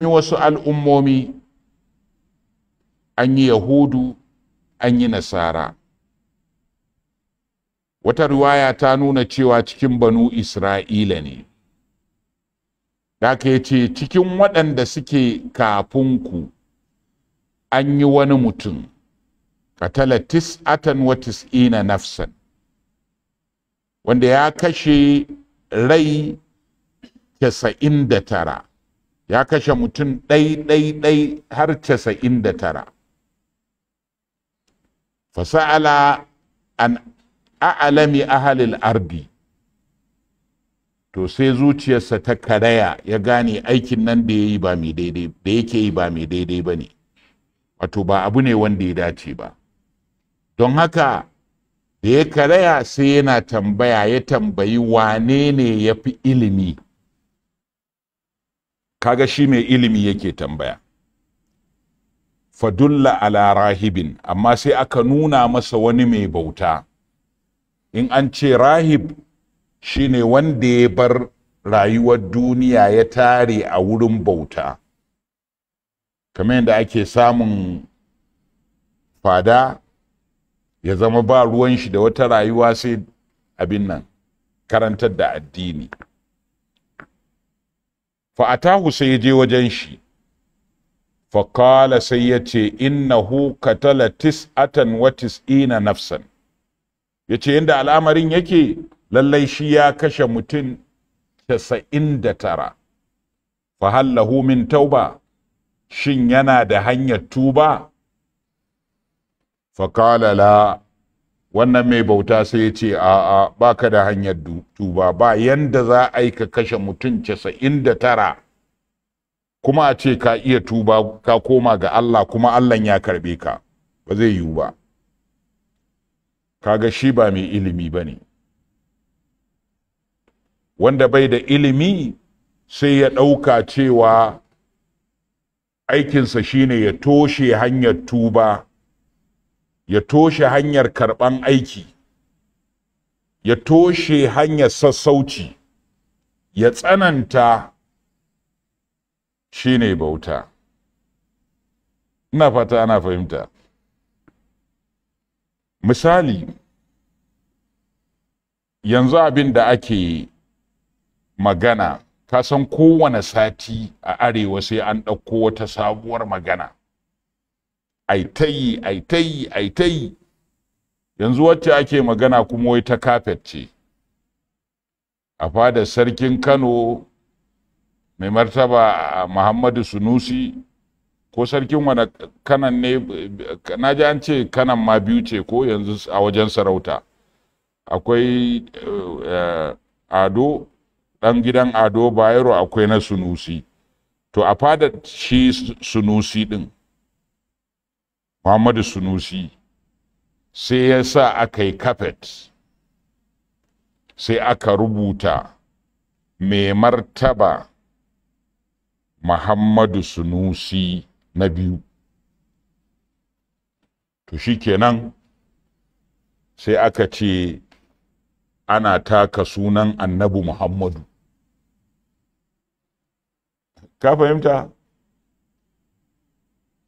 yi wasu al'ummomi an yi yahudu an yi nasara wata riwaya ta nuna cewa cikin banu isra'ila ne da ka ce cikin waɗanda suke kafin ku an yi wani mutum katala tis'atan wa tis'ina nafsan wanda ya kashe rai tasa'in da tara ya kashe mutum ɗai-ɗai-ɗai har casa'in da tara fasa'ala an a'alami ahalil ardi to sai zuciyarsa ta karaya ya gane aikin nan da yake yi ba mai daidai ba ne wato ba abu ne wanda ya dace ba don haka da ya karaya sai yana tambaya ya tambayi wane ne ya fi ilimi kaga shi mai ilimi yake tambaya fadulla ala rahibin amma sai aka nuna masa wani mai bauta in an ce rahib shine wanda ya bar rayuwar duniya ya tare a wurin bauta kamar yadda ake samun fada ya zama ba ruwan shi da wata rayuwa sai abin nan karantar da addini fa sai ya je wajen shi fa sai ya ce innahu qatala tis'atan wa tis'ina nafsan yace inda al'amarin yake lallai shi ya kashe mutum casa'in da tara fa min tauba shin yana da hanyar tuba fa qala la wannan mai bauta sai ya ce a'a baka da hanyar tuba ba yanda za a yi ka kashe mutum casa'in da tara kuma a ce ka iya tuba ka koma ga Allah kuma Allah ya karbe ka ba zai yiwu ba kaga shi ba mai ilimi ba ne wanda bai da ilimi sai ya ɗauka cewa aikinsa shine ya toshe hanyar tuba ya toshe hanyar karɓan aiki ya toshe hanyar sassauci ya tsananta shine bauta ina fata ana fahimta misali yanzu abin da ake magana kasan kowane sati a arewa sai an ɗauko wata sabuwar magana ai ta yi yanzu wacce ake magana kuma wai ta kafet ce a fada sarkin kano mai martaba muhammadu sunusi ko sarkin wani kanan ne na ji an ce kanan ma biyu ce ko yanzu a wajen sarauta akwai eh, eh, ado ɗan gidan ado bayero akwai na sunusi to a fada shi sunusi ɗin muhammadu sunusi sai ya sa aka yi kafet sai aka rubuta mai martaba muhammadu sunusi na biyu to shi kenan sai aka ce ana taka sunan Annabu muhammadu ka fahimta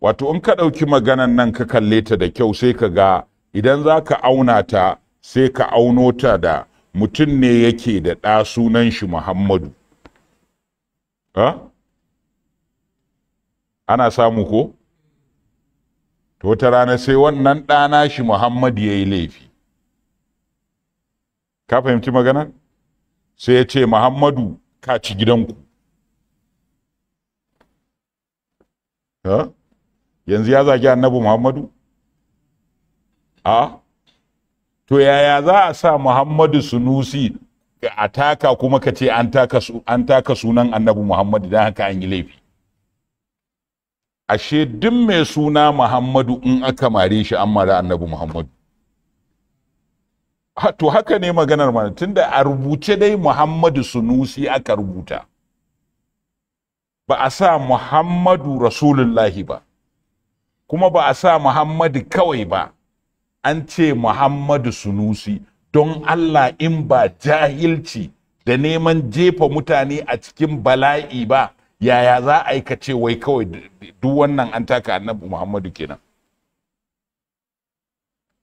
wato in ka ɗauki maganan nan ka kalle ta da kyau sai ka ga idan za ka auna ta sai ka auno ta da mutum ne yake da ɗa sunan shi muhammadu ana samu ko to ta rana sai wannan ɗana shi muhammadu ya yi laifi ka fahimci maganar sai ya ce muhammadu ka ci gidanku yanzu ya zagi annabi muhammadu a to yaya za a sa muhammadu sunusi a taka kuma ka ce an taka sunan annabi muhammadu don haka an yi laifi ashe duk mai suna muhammadu in aka mare shi an mara annabi muhammadu to haka ne maganar mana tunda a rubuce dai muhammadu sunusi aka rubuta ba a sa muhammadu rasulullahi ba kuma ba a sa Muhammadu kawai ba an ce Muhammadu Sunusi don Allah in ba jahilci da neman jefa mutane a cikin bala'i ba yaya za a aikace wai kawai duk wannan an taka annabi Muhammadu kenan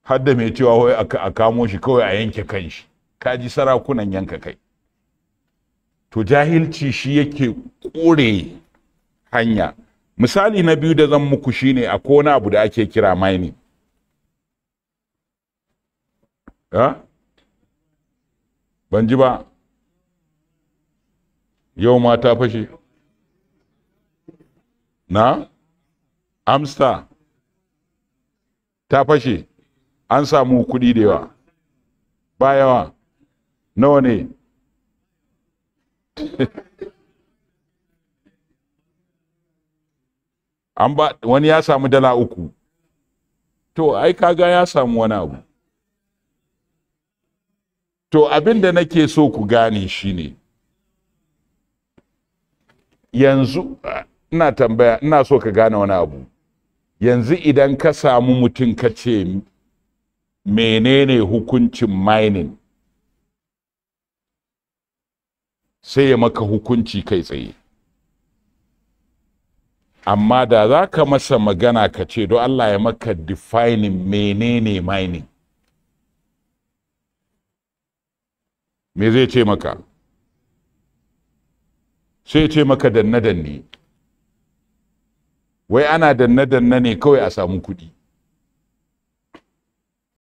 hadda mai cewa wai a kamo shi kawai a yanke kanshi kaji sarakunan yanka kai to jahilci shi yake kore hanya misali na biyu da zan muku shine a kona abu da ake kira mining ha ban ji ba yau ma ta fashe na amsta ta fashe an samu kuɗi da yawa ba yawa nawa ne an ba wani ya samu dala uku to ai kaga ya samu wani abu to abin da nake so ku gane shine yanzu ina tambaya ina so ka gane wani abu yanzu idan ka samu mutum ka ce menene hukuncin mining sai ya maka hukunci kai tsaye amma da za ka masa magana ka ce don Allah ya maka defining menene mining me zai ce maka sai ce maka danne-danne wai ana danne-danne ne kawai a samu kuɗi